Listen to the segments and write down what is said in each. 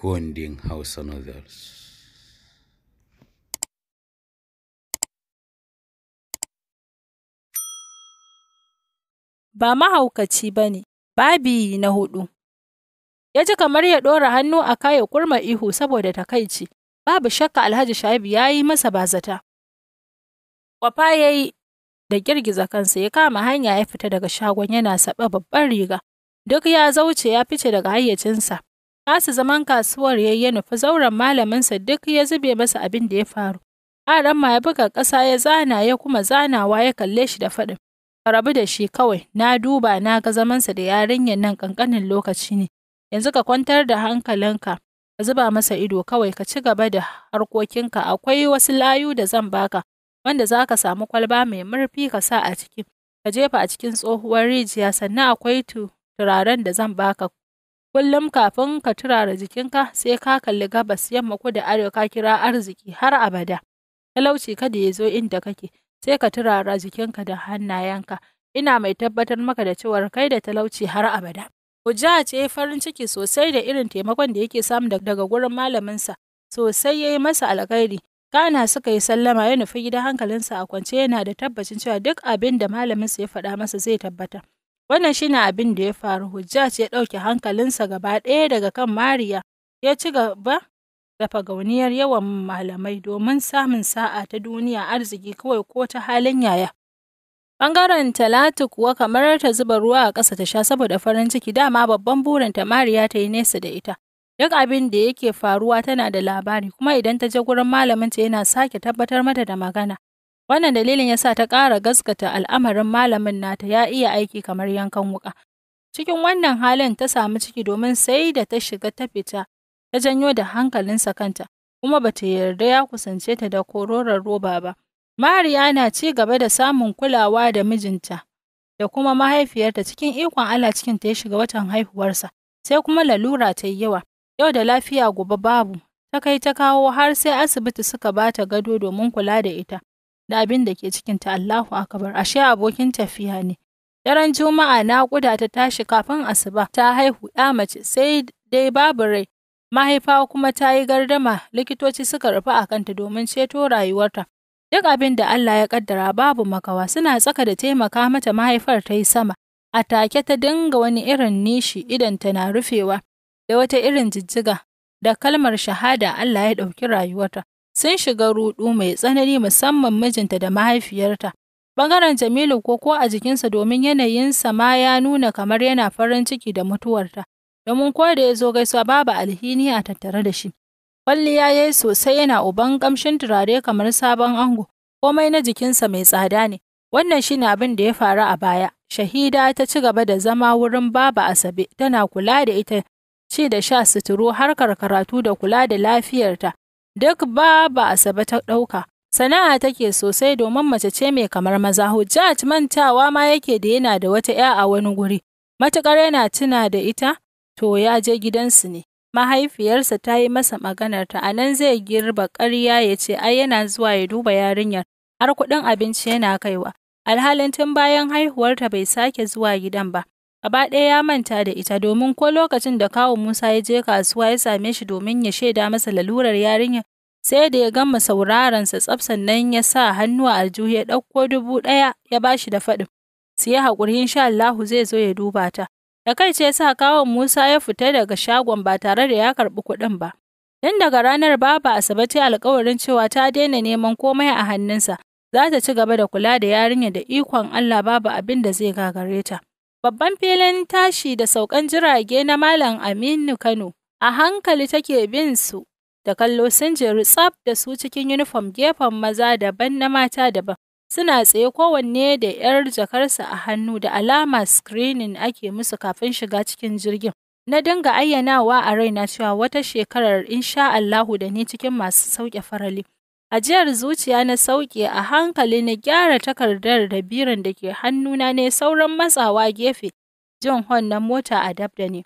kundin Hausa Novels. Ba mahaukaci ba ne, babi na hudu. Ya ji kamar ya ɗora hannu a kayan kurma ihu saboda takaici, babu shakka Alhaji Sha'ibu ya yi masa bazata. Kwafa ya yi da girgiza kansa ya kama hanya ya fita daga shagon yana saɓa babban riga, duk ya zauce ya fice daga hayyacinsa. kasa zaman kasuwar ya nufi zauren malaminsa duk ya zube masa abin da ya faru. Aramma ya buga ƙasa ya zana ya kuma zanawa ya kalle shi da faɗin. Ka rabu da shi kawai, na duba na ga zamansa da yarinyar nan ƙanƙanin lokaci ne. Yanzu ka kwantar da hankalinka, ka zuba masa ido kawai ka ci gaba da harkokinka akwai wasu layu da zan baka wanda za ka samu kwalba mai murfi ka sa a ciki, ka jefa a cikin tsohuwar rijiya sannan akwai turaren da zan baka Kullum kafin ka turara jikinka sai ka kalli gabas yamma da arewa ka kira arziki har abada. Talauci kada ya zo inda kake sai ka turara jikinka da hannayenka. Ina mai tabbatar maka da cewar kai da talauci har abada. Hujja ce farin ciki sosai da irin taimakon da yake samu daga gurin malaminsa sosai ya yi masa alkhairi. Kana suka yi sallama ya nufi gidan hankalinsa a kwance yana da tabbacin cewa duk abin da malaminsa ya faɗa masa zai tabbata. Wannan shi ne abin da ya faru, Hujjaj ya ɗauke hankalinsa gaba ɗaya daga kan Mariya, ya ci gaba da fagauniyar yawan malamai domin samun sa'a ta duniya arziki kawai ko ta halin yaya. bangaren Talatu kuwa kamar ta zuba ruwa a ƙasa ta sha saboda farin ciki dama babban burinta Mariya ta yi nesa da ita. Duk abin da yake faruwa tana da labari kuma idan ta je gurin malaminta yana sake tabbatar mata da magana. Wannan dalilin ya sa ta ƙara gaskata al'amarin malamin nata ya iya aiki kamar yankan wuƙa. Cikin wannan halin ta samu ciki domin sai da ta shiga ta fita, ta janyo da hankalinsa kanta, kuma ba ta yarda ya kusance ta da kororon roba ba. Mariya na ci gaba da samun kulawa da mijinta da kuma mahaifiyarta cikin ikon Allah cikin ta ya shiga watan haihuwarsa, sai kuma lalura ta yi yawa, yau da lafiya gobe babu, ta kai ta kawo har sai asibiti suka bata gado domin kula da ita. da abin da ke cikinta Allahu akabar! ashe abokin tafiya ne. Daren Juma'a naƙuda ta tashi kafin asuba ta haihu ɗa mace sai dai babu rai mahaifa kuma ta yi gardama likitoci suka rufe a kanta domin ceto rayuwarta. Duk abin da Allah ya kaddara babu makawa suna tsaka da taimaka mata mahaifar ta yi sama. A take ta dinga wani irin nishi idan ta na rufewa da wata irin jijjiga da kalmar shahada Allah ya ɗauki rayuwarta. sun shiga ruɗu mai tsanani musamman mijinta da mahaifiyarta. Bangaren Jamilu ko ko a jikinsa domin yanayinsa ma ya nuna kamar yana farin ciki da mutuwarta, domin ko da ya zo gaisuwa babu alhini a tattare da shi. Kwalliya ya yi sosai yana uban kamshin turare kamar sabon ango, komai na jikinsa mai tsada ne. Wannan shine abin da ya faru a baya. Shahida ta ci gaba da zama wurin Baba Asabe, tana kula da ita, ci da sha suturu, harkar karatu da kula da lafiyarta. duk baba Asabe ta ɗauka. Sana'a take sosai domin mace ce mai kamar maza, Hujjat mantawa ma yake da yana da wata ‘ya a wani guri, matuƙar yana tuna da ita, to ya je gidansu ne. Mahaifiyarsa ta yi masa maganar ta, a nan zai girba ƙarya ya ce ai yana zuwa ya duba yarinyar, har kuɗin abinci yana kaiwa. Alhalin tun bayan haihuwarta bai sake zuwa gidan ba, gaba ɗaya ya manta da ita domin ko lokacin da kawun Musa ya je kasuwa ya same shi domin ya shaida masa lalurar yarinya. sai da ya gama sauraron sa nan sannan ya sa hannu a aljihu ya ɗauko dubu ɗaya ya bashi da faɗin su yi haƙuri insha Allahu zai zo ya duba ta da kai ce sa kawun Musa ya fita daga shagon ba tare da ya karɓi kuɗin ba tun daga ranar baba Asabe ta alƙawarin cewa ta daina neman komai a hannunsa za ta ci gaba da kula da yarinya da ikon Allah babu abin da zai gagare ta Babban filin tashi da saukan jirage na Malam Aminu Kano a hankali take bin su da kallo sun jeru tsaf da su cikin yunifom gefen maza daban na mata daban. Suna tsaye kowanne da 'yar jakarsa a hannu da alama screening ake musu kafin shiga cikin jirgin. Na dinga ayyanawa a raina cewa wata shekarar insha Allahu da ni cikin masu sauke farali. Ajiyar zuciya na sauke a hankali na gyara takardar da birin da ke hannuna ne sauran matsawa gefe jin hon na mota a dabda ne.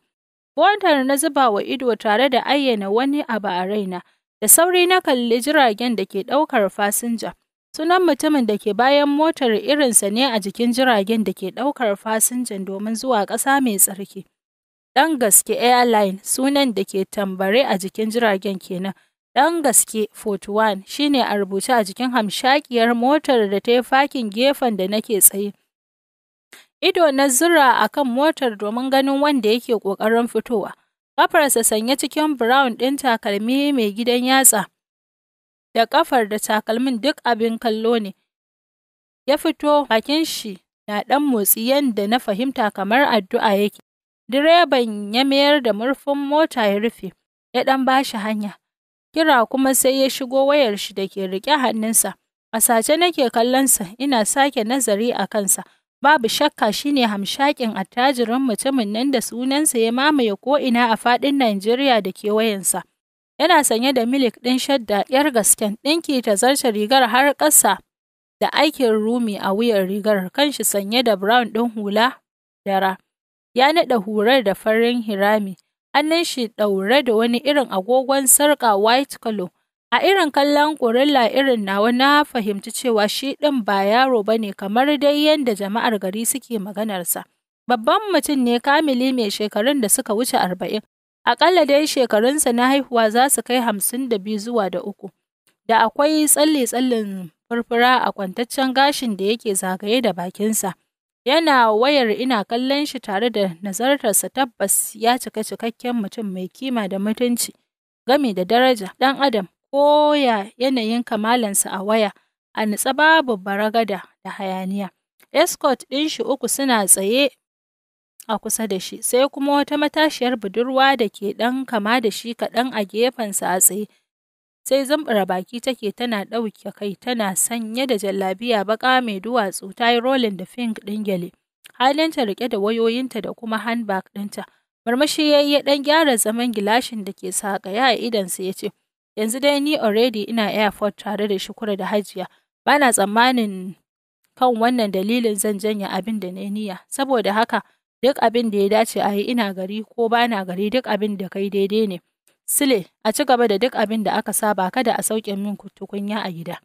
Motar na zuba wa ido tare da ayyana wani abu a raina, da sauri na kalli jiragen da ke ɗaukar fasinja. Sunan mutumin da ke bayan motar irinsa ne a jikin jiragen da ke ɗaukar fasinjan domin zuwa ƙasa mai tsarki. Ɗan gaske airline sunan da ke tambare a jikin jiragen kenan. ɗan gaske 41 shine a rubuce a jikin hamshakiyar motar da ta yi fakin gefen da nake tsaye. Ido na zura a kan motar domin ganin wanda yake ƙoƙarin fitowa. Ƙafarsa sanye cikin brown ɗin takalmi mai gidan yatsa. Da ƙafar da takalmin duk abin kallo ne. Ya fito bakin shi na ɗan motsi yadda na fahimta kamar addu'a yake. Direban ya mayar da murfin mota ya rufe, ya ɗan bashi hanya. kira kuma sai ya shigo wayar shi da ke riƙe hannunsa. A sace nake kallonsa ina sake nazari a kansa. Babu shakka shine hamshakin attajirin mutumin nan da sunansa ya mamaye ko'ina a faɗin Najeriya da ke wayansa. Yana sanye da milik ɗin shadda ‘yar gasken ɗinki ta zarce rigar har ƙasa da aikin rumi a wuyan rigar kanshi sanye da brown ɗin hula dara. Ya naɗa hurar da farin hirami hannun shi ɗaure da wani irin agogon sarƙa white color. A irin kallon gorilla irin nawa na fahimci cewa shi ɗin ba yaro ba ne kamar dai yadda jama'ar gari suke maganarsa. Babban mutum ne kamili mai shekarun da suka wuce arba'in. Aƙalla dai shekarunsa na haihuwa za su kai hamsin da biyu zuwa da uku. Da akwai tsalle-tsallen furfura a kwantaccen gashin da yake zagaye da bakinsa. Yana wayar ina kallon shi tare da nazartarsa tabbas ya cika cikakken mutum mai kima da mutunci, gami da daraja, ɗan adam, ko ya yanayin kamalansa a waya, a nutsa babu baragada da hayaniya. Escort ɗin shi uku suna tsaye a kusa da shi, sai kuma wata matashiyar budurwa da ke ɗan kama da shi kaɗan a gefensa a tsaye. sai zambara baki take tana ɗauke kai tana sanye da jallabiya baƙa mai duwatsu ta yi rolling da fink ɗin gyale. Halinta riƙe da wayoyinta da kuma handbag ɗinta. Marmashi ya yi ɗan gyara zaman gilashin da ke ya a idansa ya ce, Yanzu dai ni already ina airport tare da shukura da hajiya. bana tsammanin kan wannan dalilin zan janya abin da na niyya. Saboda haka, duk abin da ya dace a yi ina gari ko bana gari duk abin da kai daidai ne. Sile, a ci gaba da duk abin da aka saba kada a sauke min tukunya a gida.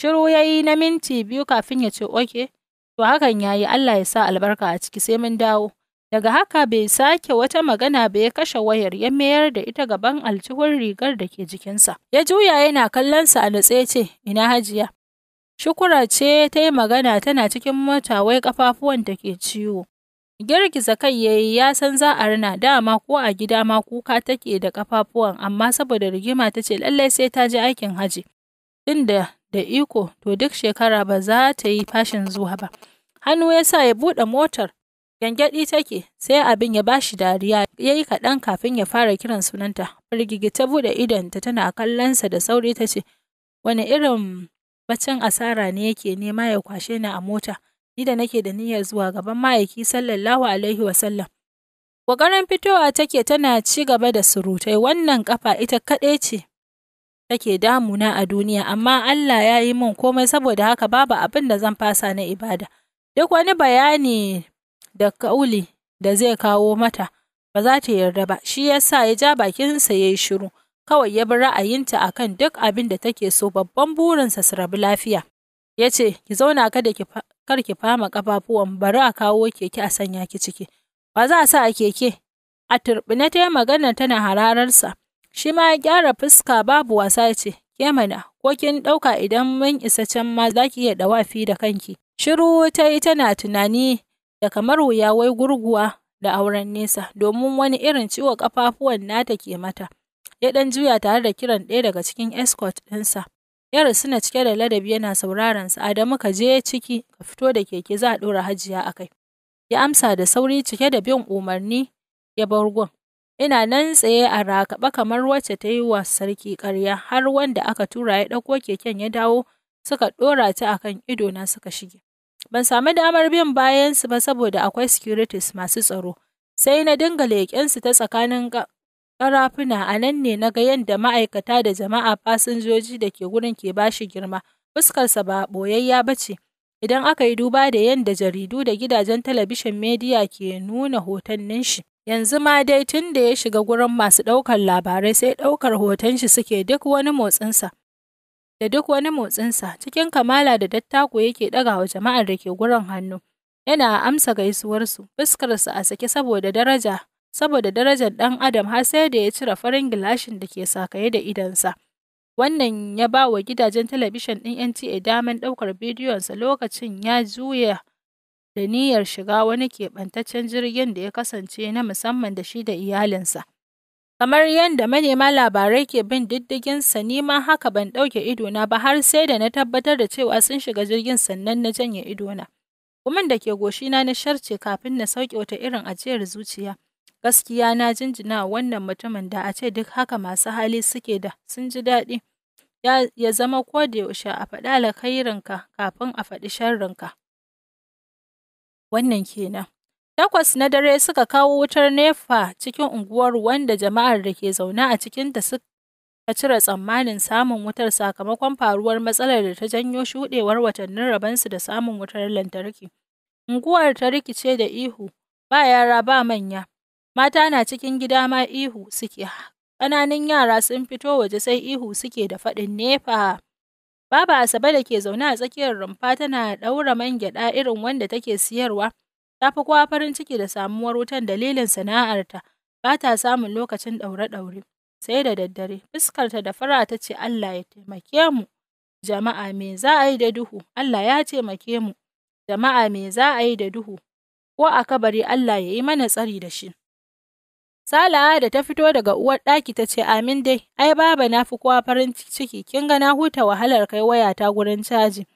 Shiru ya yi na minti biyu kafin ya ce oke, to hakan ya yi Allah ya sa albarka a ciki sai mun dawo. Daga haka bai sake wata magana bai ya kashe wayar ya mayar da ita gaban alcihun rigar da ke jikinsa. Ya juya yana kallonsa a nutse ce, ina hajiya. Shukura ce ta yi magana tana cikin mota wai ƙafafuwan ke ciwo. Girgiza kai ya yi ya san za a rina dama ko a gida ma kuka take da kafafuwan amma saboda rigima ta ce lallai sai ta ji aikin haji. Inda da iko to duk shekara ba za ta yi fashin zuwa ba. Hannu ya sa ya buɗe motar gyangyaɗi take sai abin ya ba shi dariya ya yi kaɗan kafin ya fara kiran sunanta. Firgigi ta buɗe idonta tana kallonsa da sauri ta ce wani irin bacin asara ne yake nema ya kwashe ni a mota. ni da nake da niyyar zuwa gaban ma'aiki sallallahu alaihi wasallam. Ƙoƙarin fitowa take tana ci gaba da surutai wannan ƙafa ita kaɗai ce take damuna a duniya amma Allah ya yi min komai saboda haka babu abin da zan fasa na ibada. Duk wani bayani da kauli da zai kawo mata ba za ta yarda ba shi ya sa ya ja bakinsa ya yi shiru kawai ya bi ra'ayinta a kan duk abin da take so babban burinsa su rabu lafiya. Ya ce ki zauna kada ki kar ki fama kafafuwan bari a kawo keke a sanya ki ciki. Ba za a sa a keke. A turɓine ta magana tana hararsa. Shi ma ya gyara fuska babu wasa ya ce, ke mana, ko kin ɗauka idan mun isa can ma za ki iya ɗawafi da kanki. Shiru ta yi tana tunani da kamar wuya wai gurguwa da auren nesa domin wani irin ciwo ƙafafuwan nata ke mata. Ya ɗan juya tare da kiran ɗaya daga cikin escort ɗinsa. yar suna cike da ladabi yana sauraron sa. Adamu ka je ciki ka fito da keke za a ɗora hajiya a kai. Ya amsa da sauri cike da bin umarni ya bar gun. Ina nan tsaye a rakaɓa kamar wacce ta yi wa sarki ƙarya har wanda aka tura ya ɗauko keken ya dawo suka ɗora ta a kan na suka shige. Ban samu damar bin bayansu ba saboda akwai securities masu tsaro. Sai na dinga leƙensu ta tsakanin Ƙarafuna a nan ne na ga yadda ma'aikata da jama'a fasinjoji da ke wurin ke ba shi girma, fuskarsa ba ɓoyayya ba ce, idan aka yi duba da yadda jaridu da gidajen talabishin Mediya ke nuna hotonnin shi. Yanzu ma dai tun da ya shiga gurin masu ɗaukar labarai sai ɗaukar hoton shi suke duk wani motsinsa. Da duk wani motsinsa cikin kamala da dattako yake ɗaga wa jama'ar da ke gurin hannu. Yana amsa gaisuwarsu, fuskarsa a sake saboda daraja saboda darajar ɗan adam har sai da ya cire farin gilashin da ke sakaye da idonsa. Wannan ya ba wa gidajen talabijin ɗin NTA damar ɗaukar bidiyonsa lokacin ya juya da niyyar shiga wani keɓantaccen jirgin da ya kasance na musamman da shi da iyalinsa. Kamar yadda manema labarai ke bin diddiginsa ni ma haka ban ɗauke idona ba har sai da na tabbatar da cewa sun shiga jirgin sannan na janye idona. Kumin da ke goshina na sharce kafin na sauke wata irin ajiyar zuciya. Gaskiya na jinjina wannan mutumin da a ce duk haka masu hali suke da sun ji daɗi. Ya, zama ko da yaushe a faɗi alkhairinka kafin a faɗi sharrinka. Wannan kenan. Takwas na dare suka kawo wutar nefa cikin unguwar wanda jama'ar da ke zaune a cikin cikinta suka cire tsammanin samun wutar sakamakon faruwar matsalar da ta janyo shuɗewar watannin rabansu da samun wutar lantarki. Unguwar ta rikice da ihu, ba yara ba manya, Mata na cikin gida ma ihu suke, ƙananun yara sun fito waje sai ihu suke da faɗin nefa. Baba Asabe da ke zaune a tsakiyar rumfa tana ɗaura man gyaɗa irin wanda take siyarwa, tafi fi kowa farin ciki da samuwar wutan dalilin sana'arta, ba ta samun lokacin ɗaure-ɗaure. Sai da daddare, fuskarta da fara ta ce Allah ya taimake mu. Jama'a me za a yi da duhu, Allah ya taimake mu. Jama'a me za a yi da duhu, ko a kabari Allah ya yi mana tsari da shi. Salaha da ta fito daga uwar uwarɗaki ta ce, Amin dai, ai baba na fi kowa farin ciki, kin ga na huta wahalar kai waya ta gurin caji.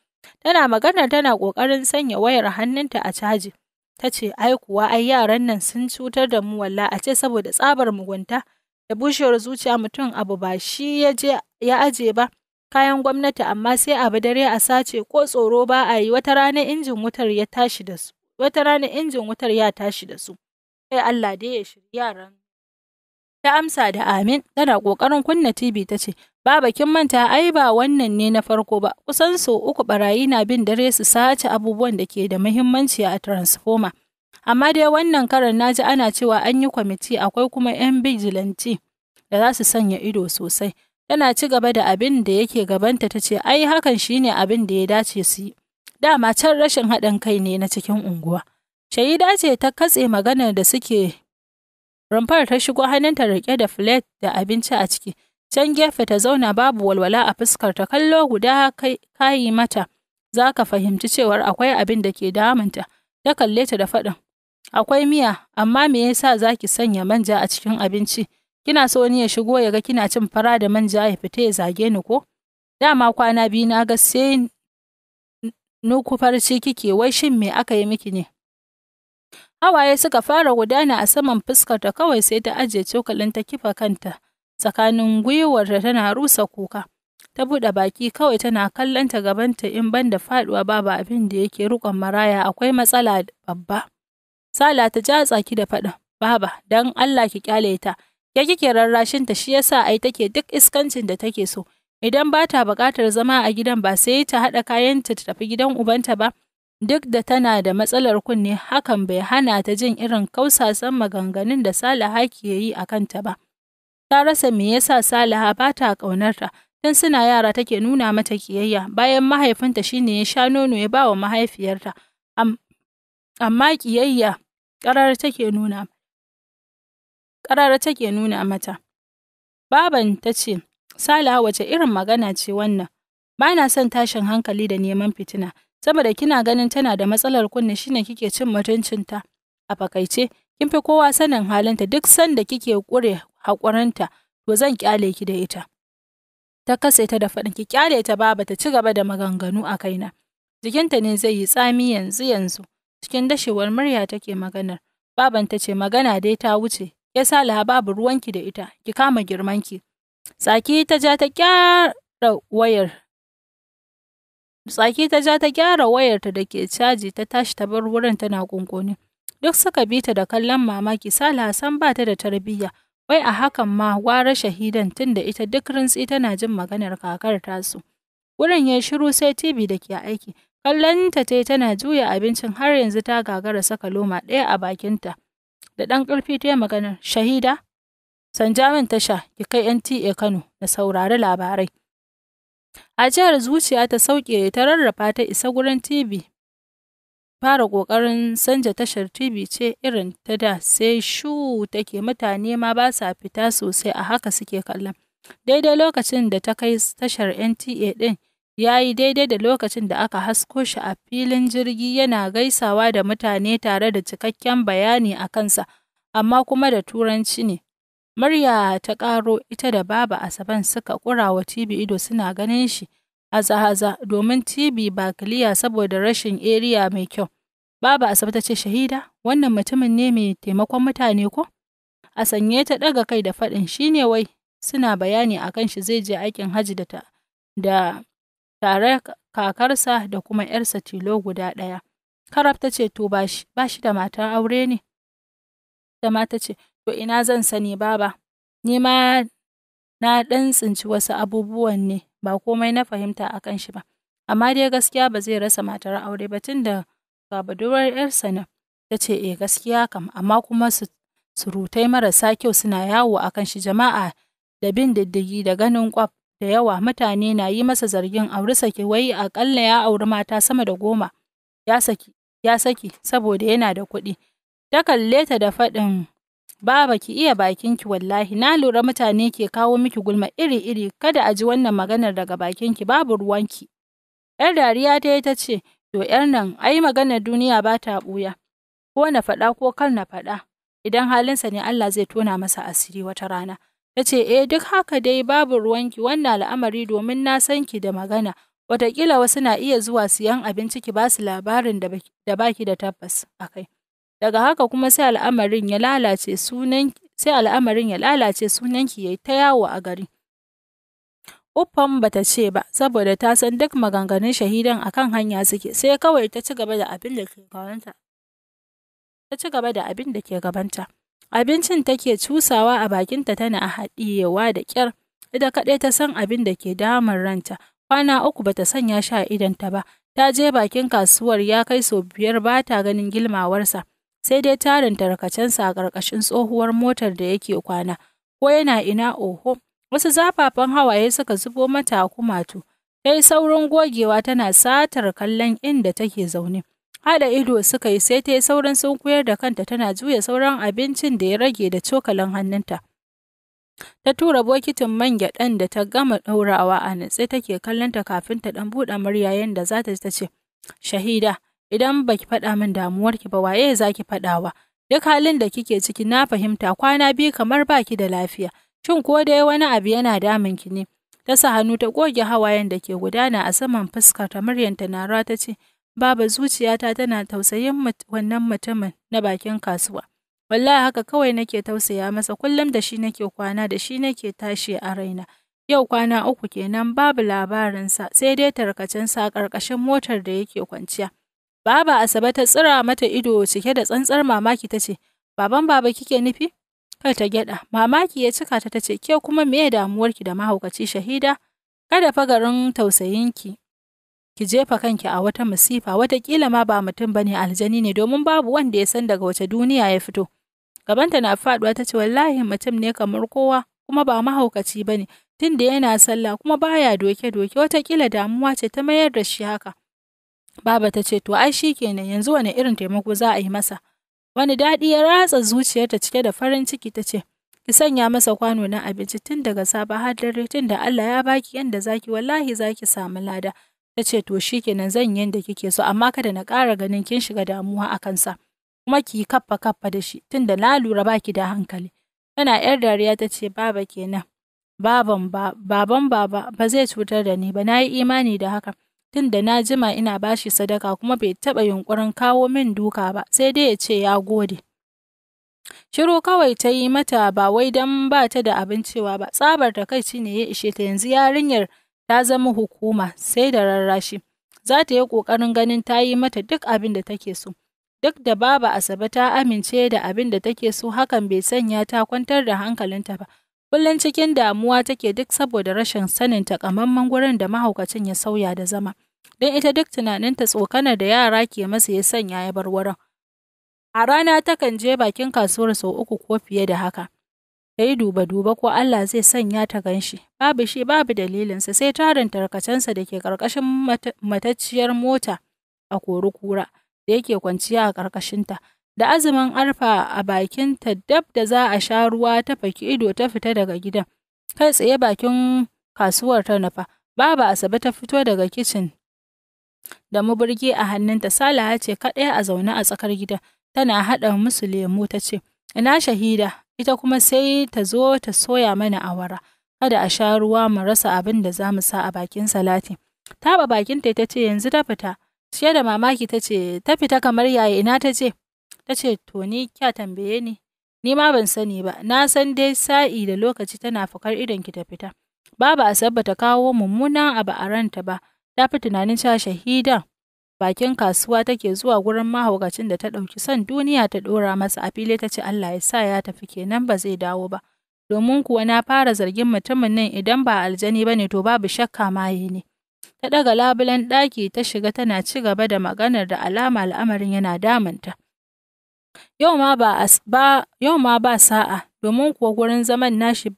Tana magana tana ƙoƙarin sanya wayar hannunta a caji. Ta ce, ai kuwa ai yaran nan sun cutar da mu walla a ce saboda tsabar mugunta da bushewar zuciya mutum abu ba shi ya je ya aje ba. Kayan gwamnati amma sai abu dare a sace ko tsoro ba a yi wata rana injin wutar ya tashi da su. Wata rana injin wutar ya tashi da su. Kai Allah dai ya shirya yaran Ta amsa da amin, tana ƙoƙarin kunna TV ta ce, Baba kin manta ai ba wannan ne na farko ba, kusan so uku barayi na bin dare su sace abubuwan da ke da muhimmanci a transformer. Amma dai wannan karan naji ana cewa an yi kwamiti akwai kuma 'yan bijilanci da za su sanya ido sosai. Tana ci gaba da abin da yake gabanta ta ce, ai hakan shine abin da ya dace su yi. Dama can rashin haɗin kai ne na cikin unguwa. shayi ce ta katse magana da suke Rumfar ta shigo hannunta riƙe da filet da abinci a ciki. Can gefe ta zauna babu walwala a fuskar ta kallo guda kayi mata. Za ka fahimci cewar akwai abin da ke damunta. Ta kalle ta da faɗin. Akwai miya, amma me yasa za ki sanya manja a cikin abinci? Kina so ni ya shigo ya ga kina cin fara da manja ya fita ya zage ni ko? Dama kwana biyu na ga sai farci kike wai shin me aka yi miki ne? Hawaye suka fara gudana a saman fuskarta kawai sai ta ajiye cokalin ta kifa kanta tsakanin gwiwar gwiwarta tana rusa kuka. Ta buɗe baki kawai tana kallon ta gabanta in ban da faɗuwa babu abin da yake rukon maraya akwai matsala babba. Sala ta ja tsaki da faɗa Baba, dan Allah ki kyale ta, ya kike rarrashin ta shi yasa ai take duk iskancin da take so. Idan ba ta buƙatar zama a gidan ba sai ta haɗa kayanta ta tafi gidan ubanta ba, Duk da tana da matsalar kunne hakan bai hana ta jin irin kausasan maganganun da Salaha ke yi a kanta ba. Ta rasa me yasa Salaha ba ta ƙaunarta, tun suna yara take nuna mata kiyayya bayan mahaifinta shine ya sha nono ya ba wa mahaifiyarta. amma kiyayya ƙarar take nuna ƙarar take nuna mata. Baban ta ce, Salaha wace irin magana ce wannan? Ba na son tashin hankali da neman fitina. saboda kina ganin tana da matsalar kunne shine kike cin mutuncinta. A fakaice, kin fi kowa sanin halinta duk sanda kike kure haƙurinta, to zan ƙyale ki da ita. Ta kasa ita da faɗin ki ƙyale ta baba ta ci gaba da maganganu a kaina. Jikinta ne zai yi tsami yanzu yanzu. Cikin dashewar murya take maganar. Baban ta ce magana dai ta wuce. Ya sa babu ruwanki da ita, ki kama girman ki. Tsaki ta ja ta ƙyara wayar Tsaki ta ja ta gyara wayarta da ke caji ta tashi ta bar wurin tana kunkuni. Duk suka bi ta da kallon mamaki Sala san ba ta da tarbiyya. Wai a hakan ma gwara shahidan tun da ita duk rintsi tana jin maganar kakar tasu. Wurin ya shiru sai TV da ke aiki. kallon ta tana juya abincin har yanzu ta gagara saka loma ɗaya a bakinta. Da ɗan ƙarfi ta maganar shahida. Sanjamin tasha ki kai NTA Kano na saurari labarai. A jihar zuciya ta sauke ta rarrafa ta isa gurin TV, fara ƙoƙarin sanja tashar TV ce irin ta da sai shu take mutane ma ba sa fita sosai a haka suke kallon, daidai lokacin da ta kai tashar NTA ɗin ya yi daidai da lokacin da aka hasko shi a filin jirgi yana gaisawa da mutane tare da cikakken bayani a kansa, amma kuma da Turanci ne. Murya ta ƙaro ita da baba Asaban suka wa TV ido suna ganin shi haza-haza domin TV ba kiliya saboda rashin eriya mai kyau. Baba Asabe ta ce shahida wannan mutumin ne mai taimakon mutane ko? A sanye ta ɗaga kai da faɗin shi ne wai suna bayani a kan shi zai je aikin hajji da ta da tare kakarsa da kuma ‘yarsa tilo guda ɗaya. Karab ta ce to ba shi da matar aure ne? Da ce To ina zan sani Baba, ni ma na ɗan tsinci wasu abubuwan ne, ba komai na fahimta a kan shi ba. Amma dai gaskiya ba zai rasa matar aure ba tun da ga budurwar ‘yarsa nan. Ta ce, e gaskiya kam, amma kuma surutai marasa kyau suna yawo a kan shi jama'a da bin diddigi da ganin kwaf da yawa mutane na yi masa zargin auri sake wai akalla ya auri mata sama da goma. Ya saki, ya saki saboda yana da kuɗi. Ta kalle ta da faɗin Baba ki iya ki, wallahi na lura mutane ke kawo miki gulma iri-iri kada a ji wannan maganar daga bakinki babu ruwanki. ‘Yar dariya ta yi ta ce, To ‘yar nan ai maganar duniya ba ta buya. ko na faɗa ko kar na faɗa, idan halinsa ne Allah zai tona masa asiri wata rana. Ta ce, E duk haka dai babu ruwanki wannan al'amari domin na san ki da magana, wataƙila wasu na iya zuwa siyan abinci ki ba su labarin da baki da tabbas a kai. daga haka kuma sai al'amarin ya lalace sunan sai al'amarin ya lalace sunanki yayi ta yawo a gari Uffan bata ce ba saboda ta san duk maganganun shahidan akan hanya suke sai kawai ta ci gaba da abin da ke gabanta ta ci gaba da abin da ke gabanta abincin take cusawa a bakinta tana haɗiyewa da ƙyar ita kaɗai ta san abin da ke damun ranta kwana uku bata sanya sha a idanta ba ta je bakin kasuwar ya kai sau biyar ba ta ganin gilmawarsa sai dai tarin tarkacensa a ƙarƙashin tsohuwar motar da yake kwana, ko yana ina oho, wasu zafafan hawaye suka zubo mata kumatu, Sai saurin gogewa tana satar kallon inda take zaune. Haɗa ido suka yi sai ta yi saurin sunkuyar da kanta tana juya sauran abincin da ya rage da cokalin hannunta. Ta tura bokitin man gyaɗan da ta gama ɗaurawa a natse take kallon ta kafin ta ɗan buɗe murya yadda za tace ta ce, Shahida, idan baki faɗa min damuwarki ba waye za ki faɗawa duk halin da kike ciki na fahimta kwana biyu kamar baki da lafiya shin ko dai wani abu yana damun ki ne ta sa hannu ta goge hawayen da ke gudana a saman fuska. ta ta na rawa ta ce baba zuciyata tana tausayin wannan mutumin na bakin kasuwa wallahi haka kawai nake tausaya masa kullum da shi nake kwana da shi nake tashi a raina yau kwana uku kenan babu labarinsa sai dai tarkacensa a ƙarƙashin motar da yake kwanciya Baba Asabe ta tsira mata ido cike da tsantsar mamaki ta ce, Baban baba kike nufi? Kai ta gyada, mamaki ya cika ta ta ce, Ke kuma me ki da mahaukaci shahida? Kada fa garin tausayinki. Ki jefa kanki a wata masifa. watakila ma ba mutum bane aljani ne domin babu wanda ya san daga wace duniya ya fito. Gabanta na faduwa ta ce, Wallahi mutum ne kamar kowa, kuma ba mahaukaci bane, tunda yana sallah kuma baya doke-doke, watakila damuwa ce ta mayar da shi haka. Baba ta ce, To, ai shi kenan yanzu wani irin taimako za a yi masa. Wani daɗi ya ratsa zuciyarta cike da farin ciki ta ce, Ki sanya masa kwano na abinci tun daga safe har dare tun da Allah ya baki yanda zaki wallahi zaki samu lada. Ta ce, To, shi kenan zan yi yadda kike so, amma kada na ƙara ganin kin shiga damuwa a kansa. Kuma ki kaffa kaffa da shi tun da na lura baki da hankali. Tana ‘yar dariya ta ce, Baba kenan. Baban ba, baban baba, ba zai cutar da ni ba, na yi imani da haka. tun da na jima ina bashi sadaka kuma bai taɓa yunƙurin kawo min duka ba, sai dai ya ce ya gode. Shiru kawai ta yi mata ba wai don ba ta da abin cewa ba, tsabar da kai ne ya ishe ta yanzu yarinyar ta zama hukuma sai da rarrashi. Za ta yi ƙoƙarin ganin ta yi mata duk abin da take so. Duk da Baba Asabe ta amince da abin da take so hakan bai sanya ta kwantar da hankalinta ba, Kullum cikin damuwa take duk saboda rashin sanin kamar gurin da mahaukacin ya sauya da zama. Don ita duk tunaninta tsokanar da yara ke masa ya sanya ya bar wurin. A rana takan je bakin kasuwar sau uku ko fiye da haka. Ta yi duba-duba ko Allah zai sanya ta ganshi. shi. Babu shi babu dalilinsa sai tarin tarkacensa da ke ƙarƙashin matacciyar mota a kori kura da yake kwanciya a ƙarƙashinta. Da azumin arfa a bakinta dab da za a sha ruwa ta faki ido ta fita daga gidan, kai tsaye bakin kasuwar ta nufa, Baba Asabe ta fito daga kicin da mubirgi a hannunta Salaha ce kaɗai a zaune a tsakar gida tana haɗa musu lemu ta ce, Ina shahida, ita kuma sai ta zo ta soya mana awara, kada a sha ruwa mu rasa abin da za mu sa a bakin salati. Taɓa bakinta ta ce yanzu ta fita, shi da mamaki ta ce, ta fita kamar yaya ina ta ce. ta ce to ni kya tambaye ni ni ma ban sani ba na san dai sa'i da lokaci tana fakar idon ki ta fita babu a ta kawo mummunan abu a ranta ba ta fi tunanin cewa shahida. bakin kasuwa take zuwa gurin mahaukacin da ta ɗauki son duniya ta ɗora masa a fili ta ce Allah ya sa ya tafi kenan ba zai dawo ba. Domin kuwa na fara zargin mutumin nan idan ba aljani ba ne to babu shakka maye ne. Ta ɗaga labulen ɗaki ta shiga tana ci gaba da maganar da alama al'amarin yana damunta. Yau ma ba, ba yau ma ba sa'a, domin kuwa gurin zaman nashi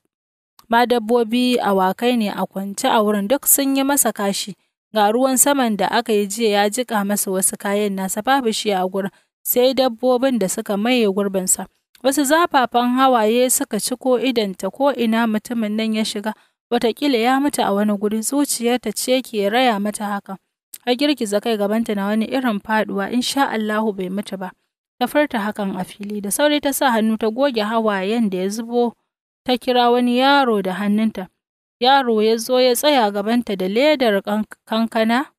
ma dabbobi awakai ne a kwance a wurin duk sun yi masa kashi. Ga ruwan saman da aka yi jiya ya jiƙa masa wasu kayan nasa babu shi a gurin, sai dabbobin da suka maye gurbinsa. Wasu zafafan hawaye suka ci ko idanta ko ina mutumin nan ya shiga, watakila ya mutu a wani guri zuciyarta ce ke raya mata haka. Har girgiza kai gabanta na wani irin faduwa. in Allahu bai mutu ba. ta furta hakan a fili da sauri ta sa hannu ta goge hawayen da ya zubo ta kira wani yaro da hannunta yaro ya zo ya tsaya gabanta da ledar kankana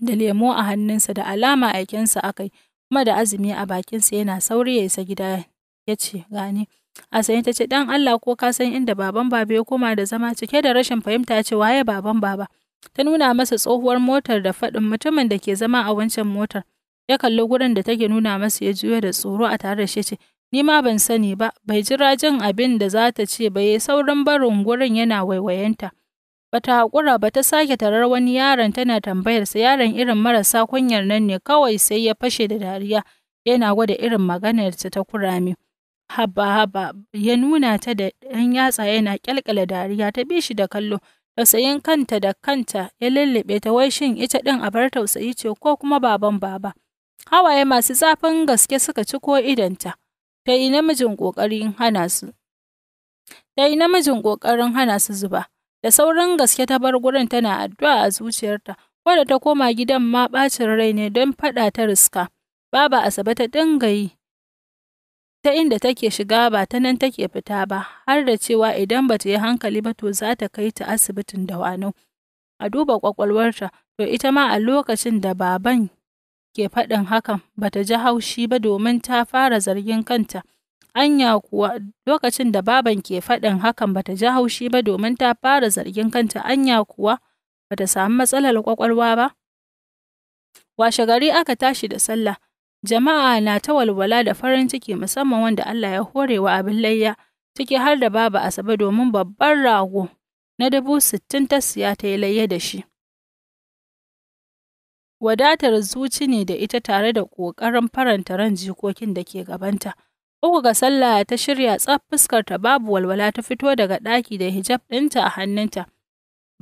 da lemo a hannunsa da alama aikensa akai kuma da azumi a bakinsa yana sauri ya isa gida ya ce gani a sanye ta ce dan Allah ko ka san inda baban baba ya koma da zama cike da rashin fahimta ce waye baban baba ta nuna masa tsohuwar motar da faɗin mutumin da ke zama a wancan motar ya kalli gurin da take nuna masa ya juya da tsoro a tare da shi ce ni ma ban sani ba bai jira jin abin da za ta ce ba yi saurin barin gurin yana waiwayenta bata haƙura ba ta sake tarar wani yaron tana tambayarsa yaron irin marasa kunyar nan ne kawai sai ya fashe da dariya yana gwada irin maganar ta kurame haba haba ya nuna ta da ɗan yatsa yana kyalkyala dariya ta bi shi da kallo tausayin kanta da kanta ya lullube ta wai shin ita ɗin bar tausayi ce ko kuma baban baba Hawaye masu zafin gaske suka ci ko idanta, ta yi namijin ƙoƙarin hana su. Ta yi namijin ƙoƙarin hana su zuba, da sauran gaske ta bar gurin tana addu'a a zuciyarta, wadda ta koma gidan ma ɓacin rai ne don faɗa ta riska. Baba Asabe ta dinga yi, ta inda take shiga ba ta nan take fita ba, har da cewa idan ba ta yi hankali ba to za ta kai ta asibitin wanau A duba ƙwaƙwalwarta, to ita ma a lokacin da baban ke faɗin hakan ba ta ji haushi ba domin ta fara zargin kanta. Anya kuwa lokacin da baban ke faɗin hakan ba ta ji haushi ba domin ta fara zargin kanta anya kuwa ba ta samu matsalar kwakwalwa ba. Washe gari aka tashi da sallah, jama'a na ta walwala da farin ciki musamman wanda Allah ya hore wa abin layya, ciki har da babu Asabe domin babban rago na dubu sittin ta siya ta yi layya da shi. wadatar zuci ne da ita tare da ƙoƙarin faranta ran jikokin da ke gabanta. Uku ga sallah ta shirya tsaf ta babu walwala ta fito daga ɗaki da hijab ɗinta a hannunta.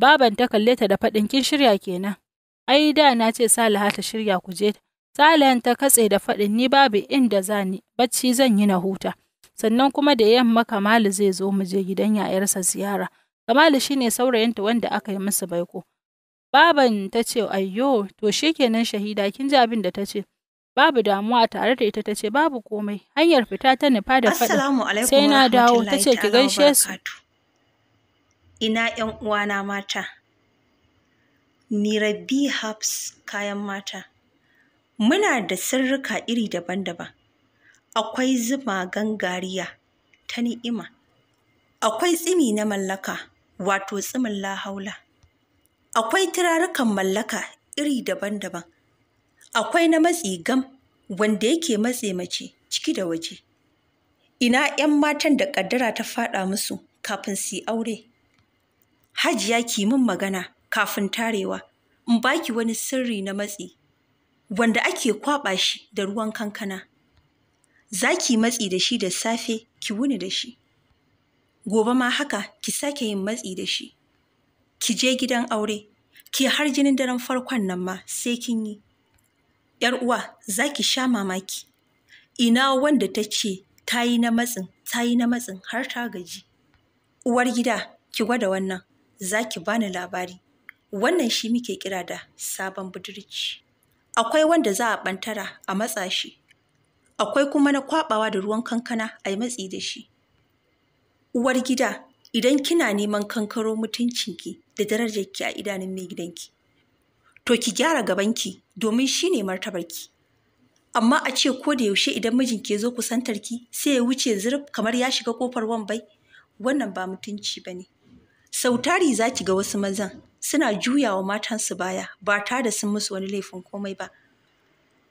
Baban ta kalle ta da faɗin kin shirya kenan. Ai da na ce Salaha ta shirya ku je. Salihan ta katse da faɗin ni babu inda za ni, bacci zan yi na huta. Sannan kuma da yamma Kamalu zai zo mu je gidan yayarsa ziyara. Kamalu shine saurayinta wanda aka yi musu baiko. Baban ta ce, Ayyo, to shi kenan shahida, kin ji abin da ta ce. Babu damuwa tare da ita ta ce, Babu komai, hanyar fita ta nufa da fada Sai na dawo, ta ce, Ki gaishe su. Ina ‘yan uwana mata, ni Habs kayan mata. Muna da sirrika iri daban-daban. Akwai zuma gangariya ta ni'ima, akwai tsimi na mallaka, wato tsimin lahaula. Akwai turarukan mallaka iri daban-daban. Akwai na matsi gam wanda yake matse mace ciki da waje. Ina ‘yan matan da ƙaddara ta faɗa musu kafin su aure. Hajiya ki min magana kafin tarewa, in baki wani sirri na matsi wanda ake kwaɓa shi da ruwan kankana. Za ki matsi da shi da safe ki wuni da shi, gobe ma haka ki sake yin matsi da shi. ki je gidan aure, ki har jinin daren farkon nan ma sai kin yi. ‘Yar uwa za ki sha mamaki, ina wanda ta ce ta yi na matsin, ta yi na matsin har ta gaji. Uwar gida, ki gwada wannan, za ki bani labari. Wannan shi muke kira da sabon budurci. Akwai wanda za a ɓantara a matsa shi, akwai kuma na kwaɓawa da ruwan kankana a yi matsi da shi. Uwar gida, idan kina neman kankaro mutuncinki da darajarki a idanun mai gidanki to ki gyara gabanki domin shi ne martabarki amma a ce ko da yaushe idan mijinki ya zo kusantarki sai ya wuce zurf kamar ya shiga kofar wambai wannan ba mutunci ba ne sautari za ki ga wasu mazan suna juyawa matansu baya ba tare da sun musu wani laifin komai ba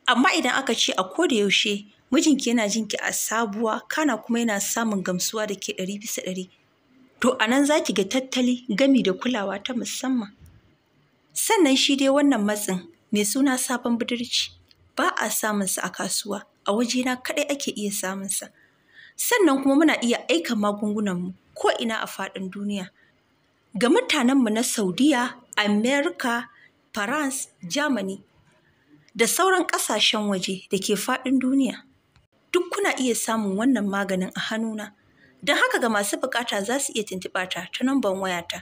amma idan aka ce a ko da yaushe mijinki yana jin jinki a sabuwa kana kuma yana samun gamsuwa da ke ɗari bisa ɗari to a nan za ki ga tattali gami da kulawa ta musamman. Sannan shi dai wannan matsin mai suna sabon budurci ba a samunsa a kasuwa, a wajena kaɗai ake iya samunsa. Sannan kuma muna iya aika magungunanmu ko ina a faɗin duniya. Ga mutanenmu na Saudiya, Amerika, France, Germany da sauran ƙasashen waje da ke faɗin duniya. Duk kuna iya samun wannan maganin a hannuna. Don haka ga masu bukata za su iya tuntuɓa ta ta namban wayata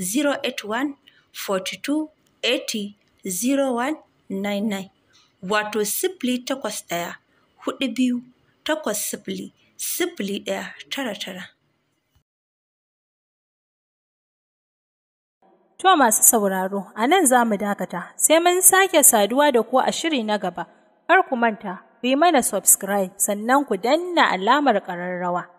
081 42 80 0199 wato 081 takwas ɗaya hudu biyu To masu sauraro, a nan za mu dakata, sai mun sake saduwa da ku a shiri na gaba, kar ku manta, ku yi mana subscribe sannan ku danna alamar ƙararrawa.